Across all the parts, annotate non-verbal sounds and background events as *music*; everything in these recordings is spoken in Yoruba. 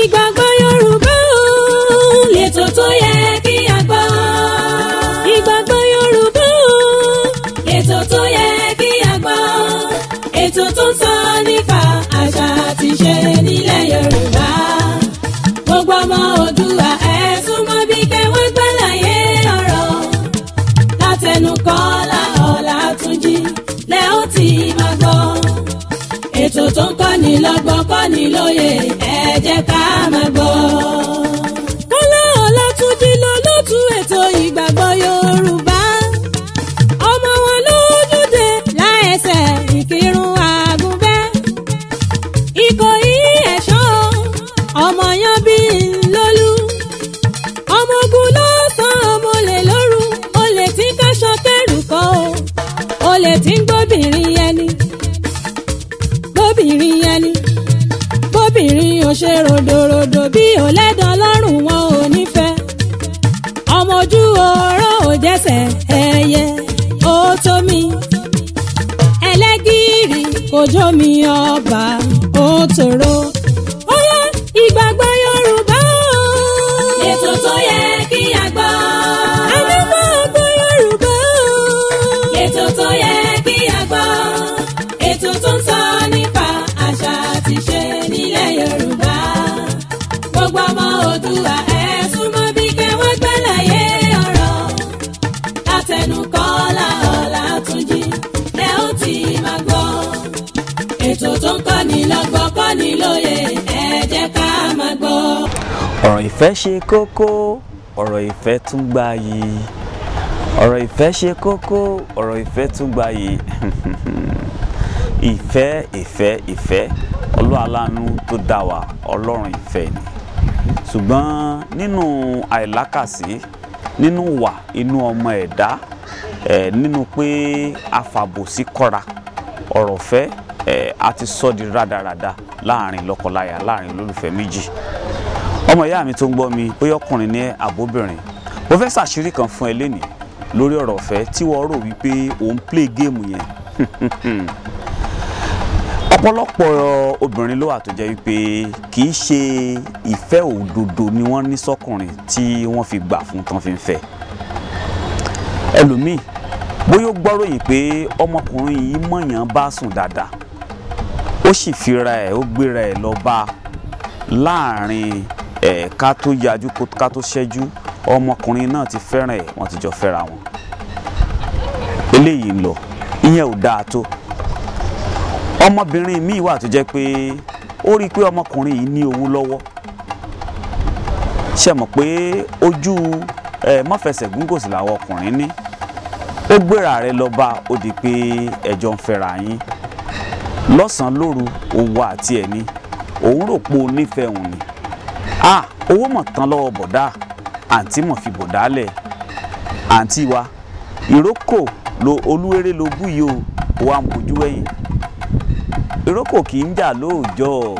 ìgbàgbọ́ Yorùbá ò lẹ́tọ̀ tó yẹ kí a gbọ́. ìgbàgbọ́ Yorùbá ò lẹ́tọ̀ tó yẹ kí a gbọ́. ètò tó ń sọ nípa àṣà àti ìṣe nílẹ̀ Yorùbá. gbogbo ọmọ Oòduà ẹ súnmọ́ bí kẹwọ́n gbàlàyé ọ̀rọ̀. látẹnu Kọ́lá Ọlátúnjí lẹ́ ó ti máa gbọ́. ètò tó ń kọ́ni lọ́gbọ́n kọ́ni lóye ẹ jẹ́ ká máa gbọ́. Kọ́lá Ọlátúnjí ló lótú ètò ìgbàgbọ́ Yorùbá ọmọ wọn ló dúdé láẹsẹ̀ ìkírun àgùnbẹ́ ikọ̀ yìí ẹ̀ṣọ́ ọmọ yan bí lólú ọmọ ogun ló san ọmọ olè olè tí ń kẹrù kọ́ o olè tí ń gbóbi. dẹ́sẹ̀ ẹyẹ ó tó mi ẹlẹ́gìrì kò mi ọba ó tòrò o. ètò tó yẹ kí a gbọ́. àdúgbò ọgbọ́ Yorùbá o. ètò tó yẹ kí a gbọ́. ètò tó ń sọ nípa gbogbo ọmọ Oòduà ẹ̀. lẹ́nu Kọ́lá Ọlátúnjí lẹ́ ó ti máa gbọ́. ètò tó ń kọ́ni lọ́gbọ́n kọ́ni lóye ẹ jẹ́ ká máa gbọ́. ọ̀rọ̀ ìfẹ́ ṣe kókó ọ̀rọ̀ ìfẹ́ tún gbayì ọ̀rọ̀ ìfẹ́ ṣe kókó ọ̀rọ̀ ìfẹ́ tún gbayì *laughs* ìfẹ́ ìfẹ́ ìfẹ́ ọlọ́run tó dá wa ọlọ́run ìfẹ́ ni ṣùgbọ́n nínú àìlákàsí nínú wà inú ọmọ ẹ̀dá nínú pé afàbòsí kọ́ra ọ̀rọ̀ fẹ́ a ti sọ di rádaràda láàrin lọ́kọláya láàrin olólùfẹ́ méjì ọmọ ìyá mi tó ń gbọ́ mi bóyá ọkùnrin ní àbóbìnrin mo fẹ́ ṣàṣírí kan fún ẹ lénìí lórí ọ̀rọ̀ ọ̀fẹ́ tí wọ́n rò wípé òun play game yẹn *laughs* ọ̀pọ̀lọpọ̀ obìnrin ló wà tó jẹ́ wípé kì í ṣe ìfẹ́ òdodo ni wọ́n ní sọ́kùnrin tí wọ́n fi gbà fún tán fi ń fẹ́ ẹlòmíì bóyá ó gbọ́rọ̀ yìí pé ọmọkùnrin yìí mọ̀yàn bá sùn dáadáa ó sì fira ẹ̀ ó gbéra ẹ̀ lọ bá láàrin ẹ̀ tó yajú ká tó ṣẹ́jú ọmọkùnrin náà ti fẹ́ràn ẹ̀ wọ́n ti jọ fẹ́ra wọn eléyìí ń lọ ìyẹn ò dáa tó ọmọbìnrin míì wà tó jẹ́ pé ó rí i pé ọmọkùnrin yìí ní owó lọ́wọ́ ṣe mọ̀ pé ojú ẹ mọ́fẹsẹ̀ gúngòsì làwọn ọkùnrin ní ó gbéra rẹ̀ lọ bá ó di pé ẹjọ́ ń fẹ́ra yín lọ́sàn-án lóru òwò àti ẹ̀ní òun rò pé o nífẹ̀ẹ́ òun ni ah owó mọ̀ tán lọ́wọ́ bọ̀dá àǹtí mọ̀ fi bọ̀dá lẹ̀ àǹtí wa ìrókò lo olúwerè lo bú yìí o wa ń bojú wẹ̀yìn ìrókò kì í jà lóòjọ́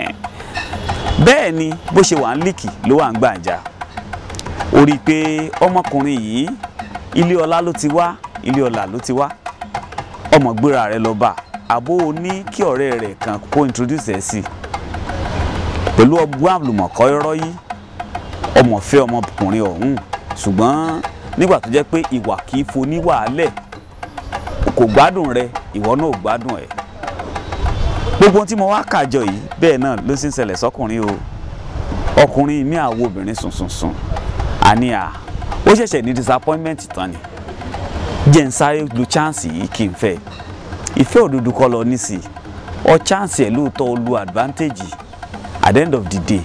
*laughs* bẹ́ẹ̀ ni bó ṣe wà ń líkì ló wà ń gbàǹjà ó rí i pé ọmọkùnrin yìí ilé ọlá ló ti wá ilé ọlà ló ti wá ọmọ gbéra rẹ̀ lọ bá àbó o ní kí ọ̀rẹ́ rẹ̀ kan kó introduce ẹ̀ sí pẹ̀lú ọgbọ́n àlùmọ̀kọ́ irọ́ yìí ọmọ ọmọkùnrin ọ̀hún ṣùgbọ́n nígbà tó jẹ́ pé ìwà kì í fo kò gbádùn rẹ̀ ìwọ náà gbádùn ẹ̀ gbogbo tí mo wá kàjọ yìí bẹ́ẹ̀ náà ló ń ṣẹlẹ̀ sọkùnrin o ọkùnrin mi àwo obìnrin sùnsùnsùn àní à ó ṣẹ̀ṣẹ̀ ní disappointment tán ni jẹ́ ń sáré lu chance yìí kí n fẹ́ ìfẹ́ òdodo kọ́ lọ nísì ọ chance ẹ̀ lóòótọ́ o lu advantage at the end of the day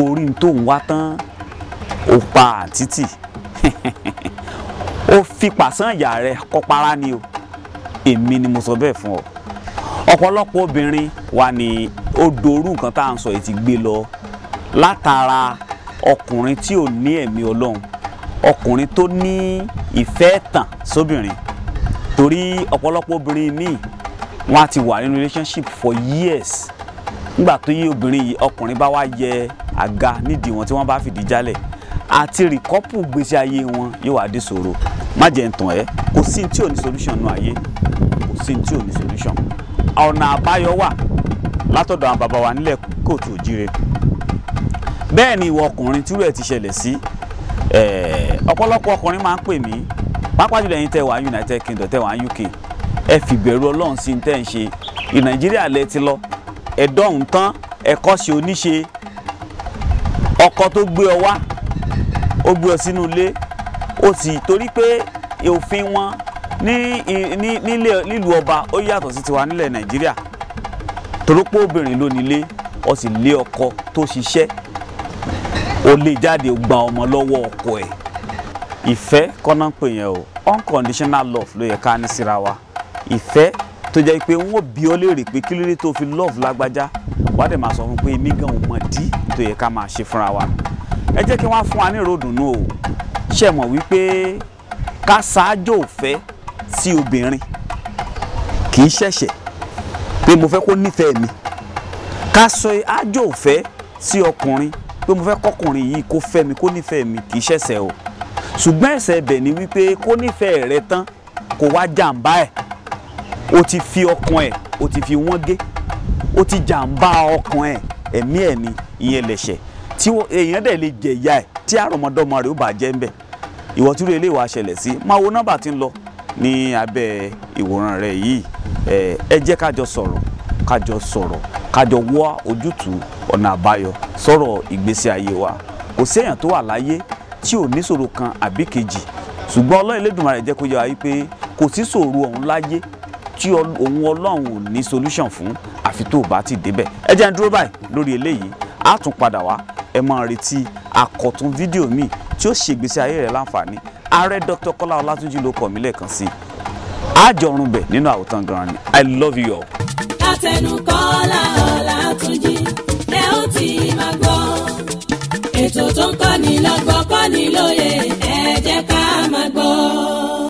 orí tó ń wá tán ó pa àtìtì *laughs* ó fi pàṣán ìyá rẹ kọ́ para ni o èmi ni mo sọ bẹ́ẹ̀ fún ọ ọ̀pọ̀lọpọ̀ obìnrin wà ní odòrú nǹkan tá à ń sọ yìí ti gbé lọ látara ọkùnrin tí ò ní ẹ̀mí ọlọ́run ọkùnrin tó ní ìfẹ́ tàn sóbìnrin torí ọ̀pọ̀lọpọ̀ obìnrin míì wọ́n á ti wà nínú relationship for years nígbà tó yí obìnrin yìí ọkùnrin bá wá yẹ àga nídìí wọn tí wọ́n bá fìdí jálẹ̀ àti rìkọ́pù gbèsè ayé wọn yóò wá dé ṣòro má jẹ́ ń ẹ́ kò sí tí ò ní solution nù ayé kò sí tí ò ní solution ọ̀nà àbáyọ wà látọ̀dọ̀ àwọn bàbá wa nílẹ̀ kóòtù òjíire bẹ́ẹ̀ ni ìwọ ọkùnrin tírú ẹ̀ ti ṣẹlẹ̀ sí ọ̀pọ̀lọpọ̀ ọkùnrin máa ń pè mí pàápàá jùlọ ẹ̀yin tẹ́ wà United Kingdom tẹ́ wà UK ẹ fìbẹ̀rù Ọlọ́run sí ní tẹ́ ń ṣe ní Nàìjíríà lẹ ti lọ ẹ̀dọ́hùn tán ẹ̀kọ́ ṣe oníṣe ọkọ tó gbé ọ wá ó gbé ọ sínú ilé ó sì torí pé òfin wọn ní nílé nílùú ọba ó yàtọ̀ sí tiwa nílẹ̀ nàìjíríà torópó obìnrin ló nílé ó sì lé ọkọ tó ṣiṣẹ́ ó lè jáde gba ọmọ lọ́wọ́ ọkọ ẹ̀ ìfẹ́ kọ́nà pè yẹn o unconditional love ló yẹ ká ní síra wa ìfẹ́ tó jẹ́ pé wọ́n bí ọ léèrè pé kí ló tó fi love lágbájá wà á dẹ̀ máa sọ fún pé èmi gan ò mọ̀ dí tó yẹ ká máa ṣe fúnra wa ẹ jẹ́ kí wọ́n á fún wa ní ìròdùnú o ṣe mọ̀ wípé ká ṣáájú òfẹ́ sí obìnrin kì í ṣẹ̀ṣẹ̀ pé mo fẹ́ kó nífẹ̀ẹ́ mi ká sọ àjò òfẹ́ sí ọkùnrin pé mo fẹ́ kọkùnrin yìí kó fẹ́ mi kó nífẹ̀ẹ́ mi kì í ṣẹ̀ṣẹ̀ o ṣùgbọ́n ẹ̀ṣẹ̀ ẹ̀bẹ̀ ni wípé kó nífẹ̀ẹ́ rẹ tán kó wá jàǹbá ẹ̀ o ti fi ọkàn ẹ̀ o ti fi wọ́n gé o ti jàǹbá ọkàn ẹ̀ ẹ̀mí ẹ̀ ni ìyẹn lẹ̀ṣẹ̀ tí èèyàn dẹ̀ lè jẹ̀yà ẹ̀ tí àrọ̀mọdọ́mọ rẹ̀ ó bàjẹ́ ńbẹ̀ ìwọ́túrú eléwà ṣẹlẹ̀ sí máa wo nọ́mbà tí ń lọ ní abẹ́ ìwòran rẹ yìí ẹ jẹ́ kájọ sọ̀rọ̀ kájọ sọ̀rọ̀ kájọ wá ojútùú ọ̀nà àbáyọ sọ̀rọ̀ ìgbésí ayé wa kò séèyàn tó wà láyé tí ò níṣòro kan àbí kejì ṣùgbọ́n ọlọ́run Elédùmarè jẹ́ kó yé wa wípé kò sí ṣòro ọ̀hún láyé tí òun ọlọ́run ò ní solution fún àfi tó o bá ti débẹ̀ ẹ jẹ́ ń dúró báyìí lórí eléyìí á tún padà wá ẹ máa retí àkọ̀tún fídíò míì tí ó ṣègbésí ayé rẹ̀ láǹfààní ààrẹ Dr. Kọ́lá Ọlátúnjí ló kọ mí lẹ́ẹ̀kan sí i àjọrùn bẹ̀ nínú àwòtán gan-an ni I love you all. látẹnu Kọ́lá Ọlátúnjí lẹ́ ó gbọ́ ètò tó ń kọ́ni lọ́gbọ́n.